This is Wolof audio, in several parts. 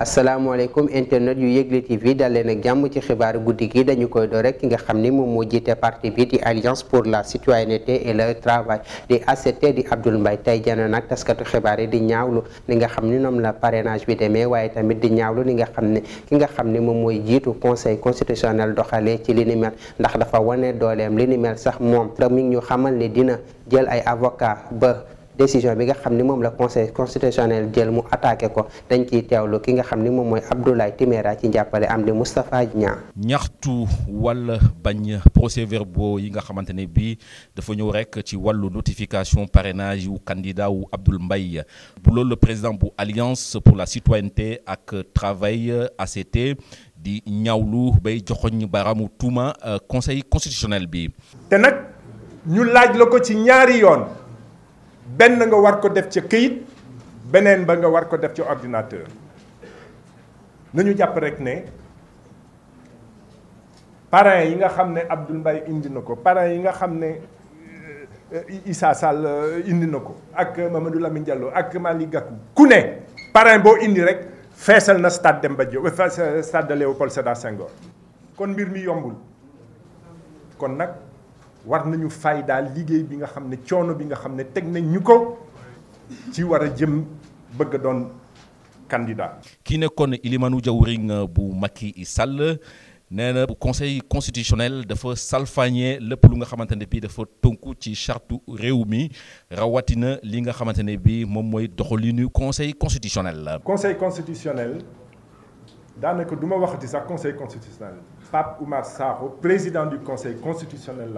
asalaamaaleykum internet yu Yegle TV dal leen ak jàmm ci xibaaru guddi gi dañu koy door rek ki nga xam ni moom moo jiite parti bi di alliance pour la citoyenneté et le travail di ACT di Abdoul Mbaye tey jana nag taskatu xibaar yi di ñaawlu li nga xam ni noom la parrainage bi demee waaye tamit di ñaawlu li nga xam ne ki nga xam ni moom mooy jiitu conseil constitutionnel doxalee ci li ni mel ndax dafa wane dooleem li ni mel sax moom da mi ngi ñu xamal ne dina jël ay avocat ba décision bi nga xamni mom la conseil constitutionnel jël mu attaquer ko dañ ci tewlu ki nga xamni mom moy mooy Abdoulaye Timéra ci njàppale am di Moustapha Niang ñaxtu wala bagn procès verbaux yi nga xamantene bi dafa ñëw rek ci walu notification parrainage wu candidat wu Abdoul Mbaye bu loolu le président bu alliance pour la citoyenneté ak travail ACT di ñawlu bay joxoñ baramu touma euh, conseil constitutionnel bi. té nak ñu laaj la ko ci ñaari yoon. benn nga war ko def ca këyit beneen ba nga war ko def ci ordinateur ñu jàpp rek ne parrain yi nga xam ne Abdoul mbay indi na ko parrain yi nga xam ne euh, Issa Sall euh, indi na ko ak Mamadou Lamine Diallo ak Malick Gakou ku ne parrain boo indi rek feesal na stade Demba Diop stade de Léopold Sédar Senghor kon mbir mi yombul kon nag war nañu fay daal liggéey bi nga xam ne coono bi nga xam ne teg nañ ñu ko ci war a jëm bëgg a doon candidat. kii nekkoon Ilimanu Jawriñ bu Macky Sall nee na conseil constitutionnel dafa salfaañee lépp lu nga xamante ne bii dafa tënku ci chartu réew mi rawatina li nga xamante ne bii moom mooy doxalinu conseil constitutionnel. la conseil constitutionnel daanaka du ma waxati sax conseil constitutionnel. Pape Oumar président du conseil constitutionnel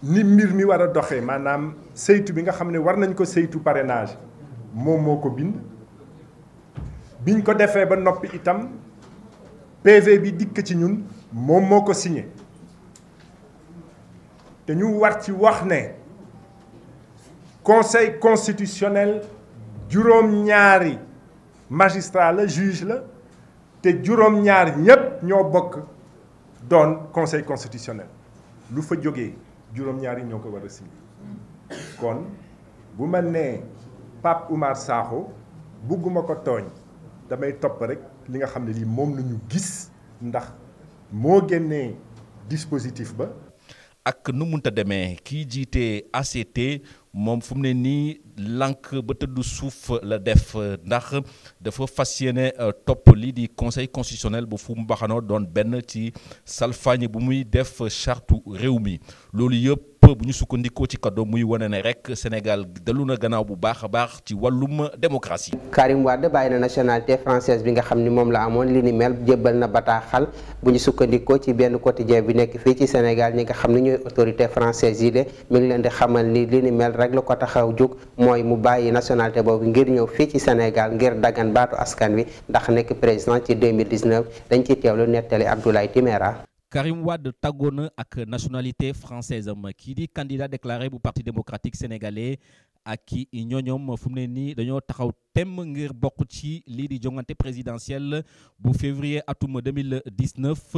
ni mbir mi a manam que bi nga war nañ ko parrainage mom moko bind biñ ko ba itam PV bi ci ñun signé conseil constitutionnel juróom-ñaari magistrat juge et Djurom ñaar conseil constitutionnel lu fa jógee juróom-ñaar kon Pape Oumar Saho, Nous avons d'abord damay rek li nga nous dispositif ba ak nu munta demee ki jité ACT mom fu mu ne ba la def ndax dafa fas euh, top li di conseil constitutionnel bu fu mu don ben ci salfagne bu muy def chartu rewmi mi lépp bu ñu sukkandikoo ci kaddo muy wane ne rek Sénégal dalu na gannaaw bu baax a baax ci wàllum démocratie. Karim Wade bàyyi na nationalité française bi nga xam ni moom la amoon li ni mel jébbal na bataaxal bu ñu sukkandikoo ci benn quotidien bi nekk fii ci Sénégal ñi nga xam ni ñooy autorité française yi de mi ngi leen di xamal ni li ni mel rek la ko taxaw jóg mooy mu bàyyi nationalité boobu ngir ñëw fii ci Sénégal ngir dagan baatu askan wi ndax nekk président ci 2019 dañ ci teewlu nettali Abdoulaye Timéra Karim Wad Tagone avec nationalité française qui um, dit candidat déclaré pour le Parti démocratique sénégalais ak qui ñoo ñoom um, fu dañoo taxaw ngir ci présidentielle bu février 2019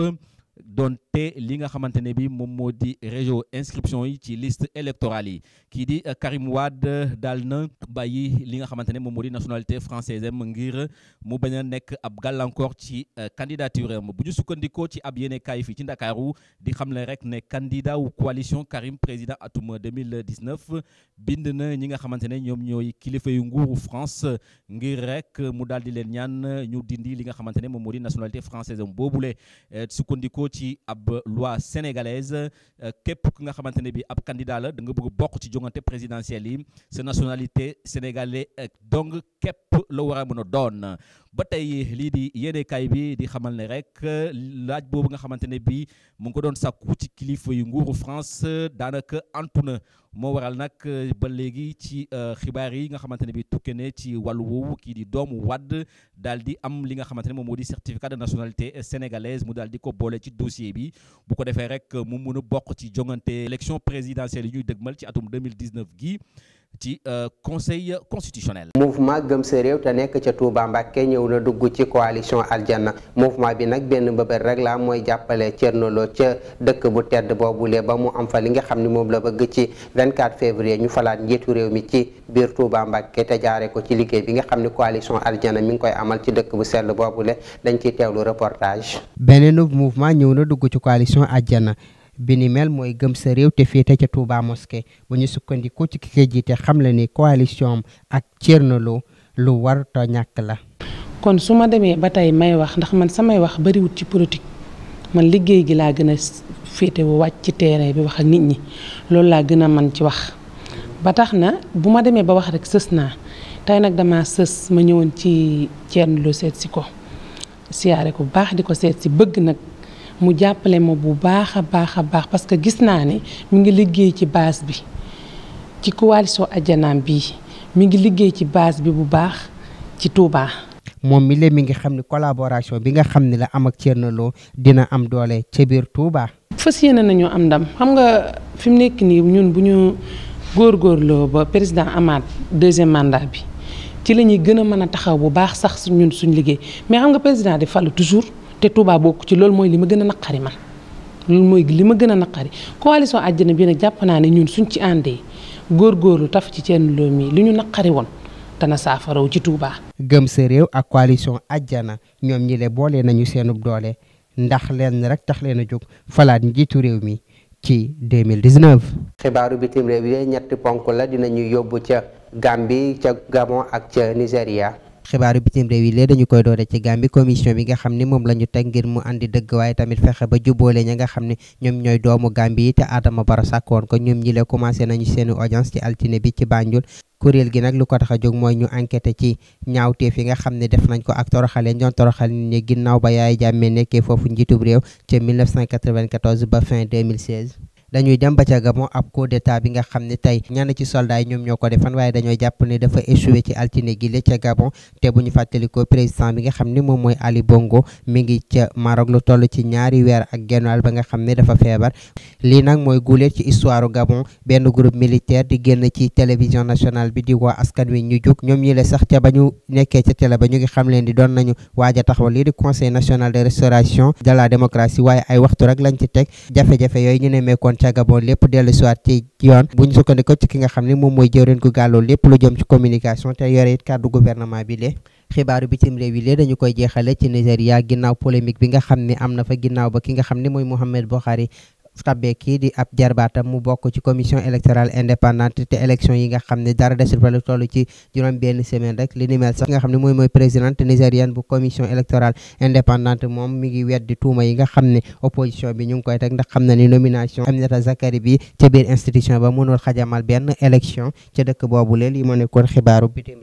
donte li nga xamante bi mom modi réseau inscription yi ci liste électorale yi ki di euh, Karim Wade euh, daal na bàyyi li nga xamante mom modi nationalité française am ngir mu bañ a ab galancor ci euh, candidature am bu ñu sukkandikoo ci ab yene kay fi ci Dakarou di rek ne candidat ou coalition Karim président atum 2019 bind na ñi nga xamante ne ñoy kilifa yu nguuru France ngir rek mu dal di len ñaan ñu dindi li nga mom modi nationalité française am boobule sukkandikoo ci ab loi sénégalaise euh, képp ku nga xamante ne bi ab kandidaa la da nga bëgg bokk ci jongante présidentielle yi sa nationalité sénégalais euh, donc képp la war a mën doon ba tey lii di yéenekaay bi di xamal ne rek euh, laaj boobu nga xamante ne bi mu ngi ko doon sàkku ci kilifa yu nguuru France daanaka antu na moo waral nag euh, ba léegi ci euh, xibaar yi nga xamante ne bi tukke ne ci wàllu woowu kii di doomu wadd daal di am li nga xamante moom moo di certificat de nationalité sénégalaise mu daal di ko boole ci dossier bi bu ko defee rek euh, mu mun a bokk ci jongante élection présidentielle yi ñuy dëgmal ci atum 2019 gi ci euh, conseil constitutionnel. mouvement gëm sa réew te nekk ca Touba Mbacké ñëw na dugg ci coalition aljanna mouvement bi nag benn mbëbët rek la mooy jàppale Thierno Lo ca dëkk bu tedd boobule ba mu am fa li nga xam ne moom la bëgg ci 24 février ñu falaat njiitu réew mi ci biir Touba Mbacké te jaare ko ci liggéey bi nga xam ne coalition aljanna mi ngi koy amal ci dëkk bu sell boobule dañ ciy teewlu reportage. beneen mouvement ñëw na dugg ci coalition aljanna. bi ni mel mooy gëm sa réew te féete ca Touba mosquée bu ñu sukkandiku ci ki koy xam le ni coalition ak Thierno Lo lu war ta ñàkk la. kon su ma demee ba tey may wax ndax man samay wax bariwut ci politique man liggéey gi laa gën a féete wu wàcc ci terrain bi wax ak nit ñi loolu laa gën a man ci wax. ba tax na bu ma demee ba wax rek sës naa tey nag dama sës ma ñëwoon ci Thierno Lo seet si ko siyaare ko baax di ko seet si bëgg nag mu jàppale ma bu baax a baax a baax parce que gis naa ne mu ngi liggéey ci baas bi ci coalition Ajjanaam bi mi ngi liggéey ci baas bi bu baax ci Touba. moom mi léegi mi ngi xam ne collaboration bi nga xam ni la am ak Thierno Lo dina am doole ca biir Touba. fas yéene nañu am ndam xam nga fi nekk nii ñun bu ñu góorgóorloo ba président amaat deuxième mandat bi ci la ñuy gën a mën a taxaw bu baax sax ñun suñ liggéey mais xam nga président di fàllu toujours. te Touba bokk ci loolu mooy li ma gën a naqari man loolu mooy li ma gën a naqari coalition àjjana bi ne jàpp naa ne ñun suñ ci góor góorgóorlu taf ci seen loom yi li ñu naqari woon dana saafaraw ci Touba. gëm sa réew ak coalition àjjana ñoom ñi le boole nañu seenub doole ndax leen rek tax leen a jóg falaat njiitu réew mi ci 2019. xibaaru bitim réew yi ñetti ponk la dinañu yóbbu ca Gambie ca gamo ak ca Nigéria. xibaaru bitim réew yi lee dañu koy doore ci Gàmbi commission bi nga xam ni moom la ñu teg ngir mu indi dëgg waaye tamit fexe ba jubboole ña nga xam ne ñoom ñooy doomu Gàmbi yi te Adama Barrow sàkkoon ko ñoom ñi le commencé nañu seeni audience ci altine bi ci Banjul kuréel gi nag lu ko tax a jóg mooy ñu enquête ci ñaawteef yi nga xam ne def nañ ko ak toroxale ñoon toroxal nit ñi ginnaaw ba Yaaya Jammeh nekkee foofu njiitub réew ca 1994 ba fin 2016 dañuy dem ba ca Gabon ab coup d'état bi nga xam ne tey ñenn ci soldats yi ñoom ñoo ko defan waaye dañoo jàpp ne dafa échoué ci altine gi ca Gabon te bu ñu fàttalikoo président bi nga xam ni moom mooy Ali Bongo mi ngi ca Maroc lu toll ci ñaari weer ak genwal ba nga xam ne dafa feebar lii nag mooy guuleet ci histoire Gabon benn groupe militaire di génn ci télévision nationale bi di waa askan wi ñu jug ñoom ñu la sax ca ba ñu nekkee ca télé ba ñu ngi leen di doon nañu waaj a taxawal lii di conseil national de restauration de la démocratie waaye ay waxtu rek lañ ci ca Gabon lépp dellu siwaat ci yoon bu ñu sukkandikoo ci ki nga xam ne moom mooy jëwriñ gu gàlloo lépp lu jëm ci communication te yore it kàddu gouvernement bi lee xibaaru bitim réew yi lee dañu koy jeexale ci Nigéria ginnaaw polémique bi nga xam ne am na fa ginnaaw ba ki nga xam ne mooy Mohamed Buhari Ftabbe kii di ab jarbaatam mu bokk ci commission électorale indépendante te élection yi nga xam ne dara desul fa lu toll ci juróom benn semaine rek li ni mel nga xam ne mooy mooy présidente nigérienne bu commission électorale indépendante moom mi ngi weddi tuuma yi nga xam ne opposition bi ñu ngi koy teg ndax xam na ni nomination Aminata Zakari bi ca biir institution ba mënul xajamal benn élection ca dëkk boobu leen yi moo nekkoon xibaaru bitim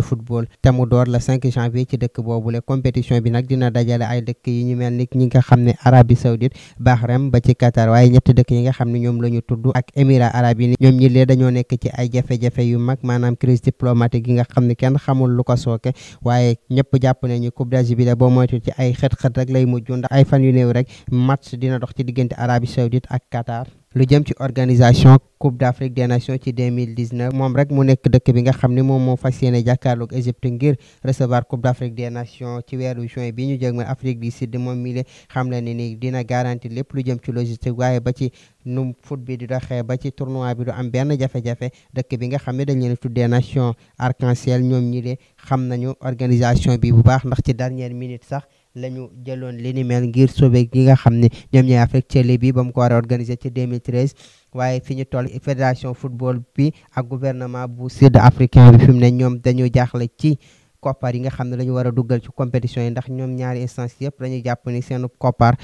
de football te mu door la 5 janvier ci dëkk boobule compétition bi nag dina dajale ay dëkk yi ñu mel ni ñi nga xam ne Arabie Saoudite Bahreïn ba ci Qatar waaye ñetti dëkk yi nga xam ne ñoom la ñu tudd ak Émirats arabes unis ñoom ñi lee dañoo nekk ci ay jafe-jafe yu mag maanaam crise diplomatique yi nga xam ne kenn xamul lu ko sooke waaye ñëpp jàpp ne ñu coupe d'Asie bi la boo moytu ci ay xët-xët rek lay mujj ndax ay fan yu néew rek match dina dox ci diggante Arabie Saoudite ak Qatar lu jëm ci organisation coupe d'Afrique des nations ci 2019 moom rek mu nekk dëkk bi nga xam ne moom moo fas yéene jàkkaarloog Égypte ngir recevoir coupe d'Afrique des nations ci weeru juin bi ñu jëgmal Afrique di Sud moom mi le xam le ne ni dina garantir lépp lu jëm ci logistique waaye ba ci nu foot bi di doxee ba ci tournoi bi du am benn jafe-jafe dëkk bi nga xam ne dañ leen tuddee nation arc-en-ciel ñoom ñi le xam nañu organisation bi bu baax ndax ci dernière minute sax lañu jëloon li ngir sauver yi nga xam ne ñoom ñooy Afrique ci Libye ba mu ko war a organiser ci 2013 waaye fi ñu toll fédération football bi ak gouvernement bu sud africain bi fi mu ne ñoom dañu jaaxle ci koppar yi nga xam ne la ñu war a duggal ci compétition yi ndax ñoom ñaari instance yëpp dañuy jàpp ni seenu koppar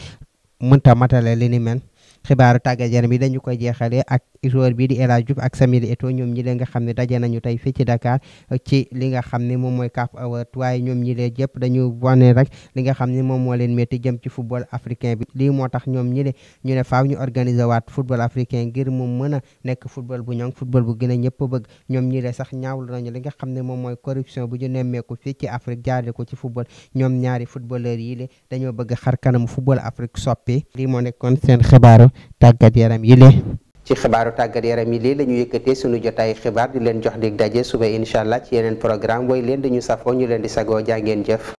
mënta matale li ni mel xibaaru tàggat yaram bi dañu koy jeexale ak joueur bi di El Hadji Diouf ak Samuel Eto'o ñoom ñi leen nga xam ne daje nañu tey fii ci Dakar ci li nga xam ni moom mooy CAF Awards waaye ñoom ñi leen jëpp dañu wane rek li nga xam ne moom moo leen métti jëm ci football africain bi lii moo tax ñoom ñi le ñu ne faaw ñu organiser waat football africain ngir mu mën a nekk football bu ñoŋ football bu gën ñëpp bëgg ñoom ñi le sax ñaawlu nañu li nga xam ne moom mooy corruption bu ñu nemmeeku fii ci Afrique jaarale ko ci football ñoom ñaari footballeurs yii le dañoo bëgg xar kanamu football Afrique soppi lii moo nekkoon seen xibaaru tàggat yaram yi le ci xibaaru tàggat yaram yi lii la ñu yëkkatee suñu jotaay xibaar di leen jox di daje suba incha allah ci yeneen programme way leen dañu safoo ñu leen di sagoo jaa ngeen jëf